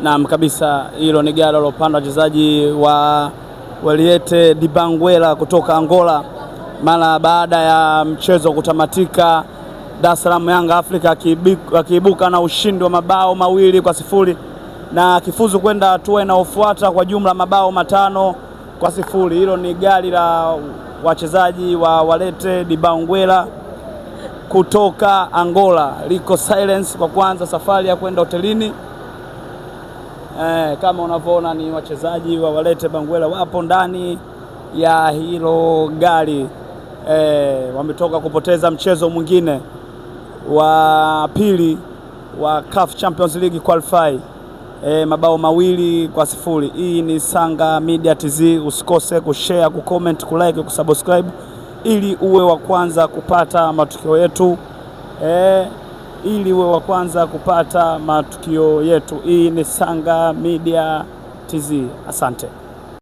Naam, kabisa hilo ni gari alilopanda wachezaji wa Waliete Dibanguela kutoka Angola mara baada ya mchezo kutamatika. Dar es Salaam Yanga Afrika akiibuka na ushindi wa mabao mawili kwa sifuri na akifuzu kwenda hatua inayofuata kwa jumla mabao matano kwa sifuri. Hilo ni gari la wachezaji wa Walete Dibanguela kutoka Angola liko silence kwa kwanza safari ya kwenda hotelini eh, kama unavyoona ni wachezaji wawalete Bangwela wapo ndani ya hilo gari eh, wametoka kupoteza mchezo mwingine wa pili wa CAF Champions League qualify eh, mabao mawili kwa sifuri. Hii ni Sanga Media TZ, usikose kushare, kucomment, kulike, kusubscribe ili uwe wa kwanza kupata matukio yetu eh, ili uwe wa kwanza kupata matukio yetu. Hii ni Sanga Media TZ. Asante.